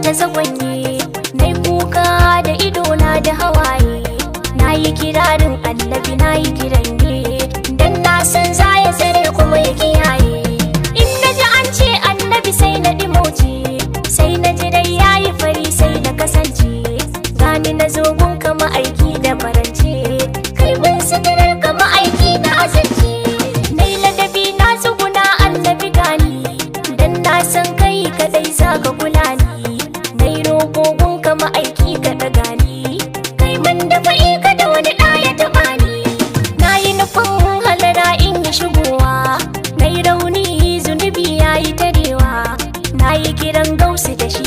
ta zagonye na kuka da idona da hawaye na yi kirarin annabi na yi kiran don dan na san za ya zare kuma ya kiyaye in na ji an ce annabi sai na ɗimoci sai na ji dai ya yi fari sai na kasance gani na zogun kama aiki da farance kai bin sigirar kama aiki da azance na yi ladabi na tsuguna annabi gani dan na san kai kadai za ka kula ni wanda fari kada wani ya taɓa ni na yi nufin halara in yi shigowa na yi rauni zunubi ya yi tarewa na yi kiran gausu da shi